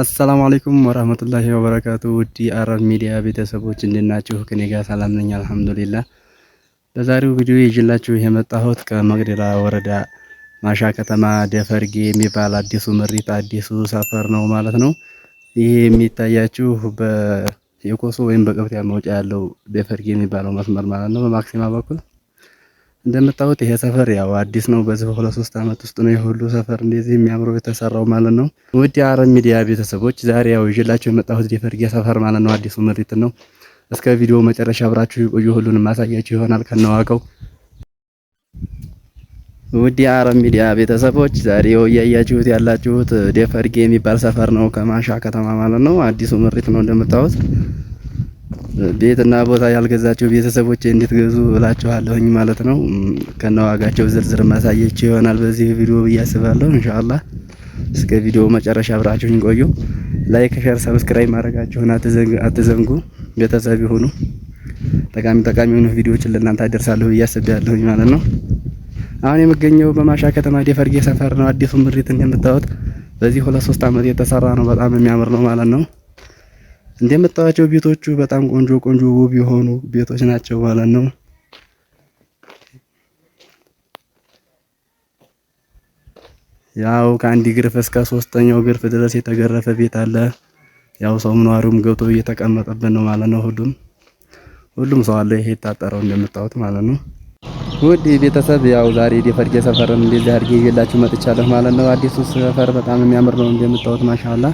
አሰላሙ አለይኩም ወራህመቱላሂ ወበረካቱ ውድ አረብ ሚዲያ ቤተሰቦች እንዴት ናችሁ? ከኔ ጋር ሰላም ነኝ አልሐምዱሊላህ። በዛሬው ቪዲዮ ይዤላችሁ የመጣሁት ከመቅደላ ወረዳ ማሻ ከተማ ደፈርጌ የሚባል አዲሱ ምሪት አዲሱ ሰፈር ነው ማለት ነው። ይህ የሚታያችሁ በየኮሶ ወይም በቀብቲያ መውጫ ያለው ደፈርጌ የሚባለው መስመር ማለት ነው በማክሲማ በኩል እንደምታዩት ይሄ ሰፈር ያው አዲስ ነው። በዚህ በሁለት ሶስት አመት ውስጥ ነው የሁሉ ሰፈር እንደዚህ የሚያምረው የተሰራው ማለት ነው። ውድ የአረብ ሚዲያ ቤተሰቦች ዛሬ ያው ይዤላችሁ የመጣሁት ደፈርጌ ሰፈር ማለት ነው አዲሱ ምሪት ነው። እስከ ቪዲዮ መጨረሻ አብራችሁ የቆዩ ሁሉንም ማሳያችሁ ይሆናል ከነዋቀው። ውድ የአረብ ሚዲያ ቤተሰቦች ዛሬ ያው እያያችሁት ያላችሁት ደፈርጌ የሚባል ሰፈር ነው ከማሻ ከተማ ማለት ነው። አዲሱ ምሪት ነው እንደምታዩት ቤትና ቦታ ያልገዛቸው ቤተሰቦች እንዴት ገዙ እላችኋለሁኝ ማለት ነው። ከነዋጋቸው ዝርዝር ማሳያችሁ ይሆናል በዚህ ቪዲዮ ብዬ አስባለሁ። ኢንሻአላህ እስከ ቪዲዮ መጨረሻ አብራችሁኝ ቆዩ። ላይክ፣ ሼር፣ ሰብስክራይብ ማድረጋችሁን አትዘንጉ። ቤተሰብ ይሁኑ። ጠቃሚ ጠቃሚ የሆኑ ቪዲዮዎችን ለእናንተ አደርሳለሁ ብዬ አስባለሁኝ ማለት ነው። አሁን የምገኘው በማሻ ከተማ ደፈርጌ ሰፈር ነው። አዲሱ ምሪት እንደምታዩት በዚህ ሁለት ሶስት ዓመት የተሰራ ነው። በጣም የሚያምር ነው ማለት ነው። እንደምታዋቸው ቤቶቹ በጣም ቆንጆ ቆንጆ ውብ የሆኑ ቤቶች ናቸው ማለት ነው። ያው ከአንድ ግርፍ እስከ ሶስተኛው ግርፍ ድረስ የተገረፈ ቤት አለ። ያው ሰውም ነዋሪውም ገብቶ እየተቀመጠበት ነው ማለት ነው። ሁሉም ሁሉም ሰው አለ ይሄ የታጠረው እንደምታዩት ማለት ነው። ውድ ቤተሰብ ያው ዛሬ የፈርጌ ሰፈርን እንደዚህ አድርጌ ይዤላችሁ መጥቻለሁ ማለት ነው። አዲሱ ሰፈር በጣም የሚያምር ነው እንደምታዩት ማሻአላ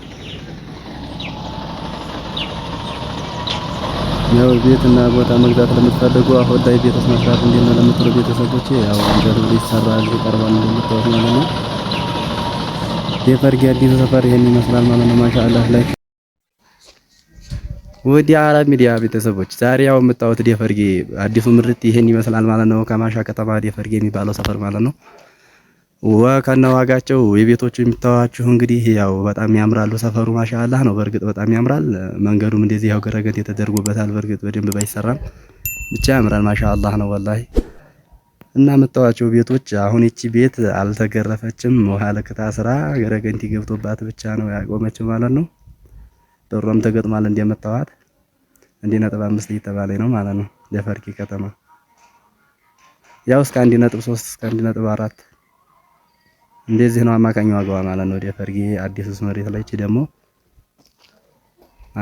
ያው ቤትና ቦታ መግዛት ለምትፈልጉ አሁን ላይ ቤት መስራት እንዴት ነው ለምትሉ ቤተሰቦች ያው እንደው ይሰራል ይቀርባል እንደምታውቁ ማለት ነው። የፈርጊ አዲስ ሰፈር ይሄን ይመስላል ማለት ነው። ማሻአላህ ላይ ወዲ አረብ ሚዲያ ቤተሰቦች ዛሬ ያው የምታዩት የፈርጊ አዲሱ ምርት ይሄን ይመስላል ማለት ነው። ከማሻ ከተማ የፈርጊ የሚባለው ሰፈር ማለት ነው። ከነ ዋጋቸው የቤቶቹ የሚታዋችሁ እንግዲህ ያው በጣም ያምራሉ። ሰፈሩ ማሻአላህ ነው። በእርግጥ በጣም ያምራል። መንገዱም እንደዚህ ያው ገረገድ የተደርጎበታል። በእርግጥ በደንብ ባይሰራም ብቻ ያምራል። ማሻአላህ ነው ወላሂ። እና የምታዋቸው ቤቶች አሁን ይቺ ቤት አልተገረፈችም። ውሃ ልክታ ስራ ገረገንቲ ገብቶባት ብቻ ነው ያቆመችው ማለት ነው። በሯም ተገጥሟል እንደምታዋት አንድ ነጥብ አምስት እየተባለ ነው ማለት ነው። ለፈርኪ ከተማ ያው እስከ አንድ ነጥብ ሶስት እስከ አንድ ነጥብ አራት እንደዚህ ነው አማካኝ ዋጋዋ ማለት ነው። ደፈርጌ አዲስ መስመር የተለች ደግሞ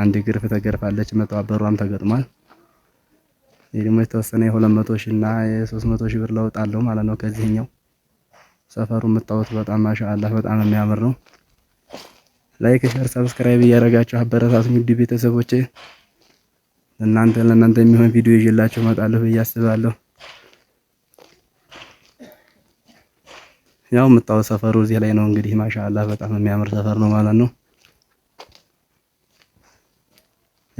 አንድ ግርፍ ተገርፋለች። መተባበሯም ተገጥሟል። ይህ ደግሞ የተወሰነ የሁለት መቶ ሺህ እና የሶስት መቶ ሺህ ብር ለውጥ አለው ማለት ነው። ከዚህኛው ሰፈሩ የምታዩት በጣም ማሻአላህ በጣም የሚያምር ነው። ላይክ ሸር ሰብስክራይብ እያደረጋችሁ አበረታቱኝ ውድ ቤተሰቦቼ። እናንተ ለእናንተ የሚሆን ቪዲዮ ይዤላችሁ እመጣለሁ ብዬ አስባለሁ። ያው የምታወ ሰፈሩ እዚህ ላይ ነው እንግዲህ ማሻአላ በጣም የሚያምር ሰፈር ነው ማለት ነው።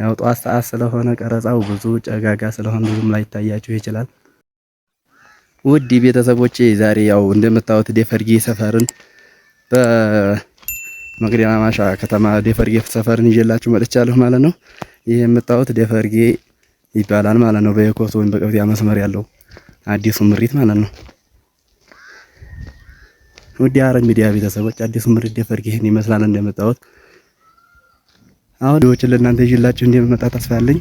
ያው ጧት ሰዓት ስለሆነ ቀረጻው ብዙ ጨጋጋ ስለሆነ ብዙም ላይታያችሁ ይችላል። ውድ ቤተሰቦቼ ዛሬ ያው እንደምታዩት ደፈርጌ ሰፈርን በመቅደላ ማሻ ከተማ ደፈርጌ ሰፈርን ይዤላችሁ መጥቻለሁ ማለት ነው። ይህ የምታዩት ደፈርጌ ይባላል ማለት ነው። በየኮሶ ወይም በቀብያ መስመር ያለው አዲሱ ምሪት ማለት ነው። ውድ ሐረግ ሚዲያ ቤተሰቦች አዲሱ ምርድ ደፈር ይሄን ይመስላል እንደመጣሁት። አሁን ዶችን ለእናንተ ይዤላችሁ እንደመጣ ተስፋ አለኝ።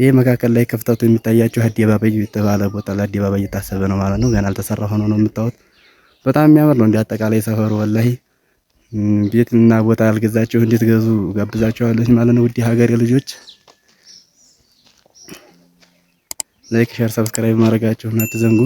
ይህ መካከል ላይ ክፍተቱ የሚታያቸው አደባባይ የተባለ ቦታ ላይ አደባባይ እየታሰበ ነው ማለት ነው። ገና አልተሰራ ሆኖ ነው የምታዩት። በጣም የሚያምር ነው እንደ አጠቃላይ ሰፈሩ። ወላሂ ቤት እና ቦታ ያልገዛችሁ ገዙ ጋብዛችኋለሁ ማለት ነው ውድ ሀገሬ ልጆች። ላይክ፣ ሸር፣ ሰብስክራይብ ማድረጋችሁን አትዘንጉ።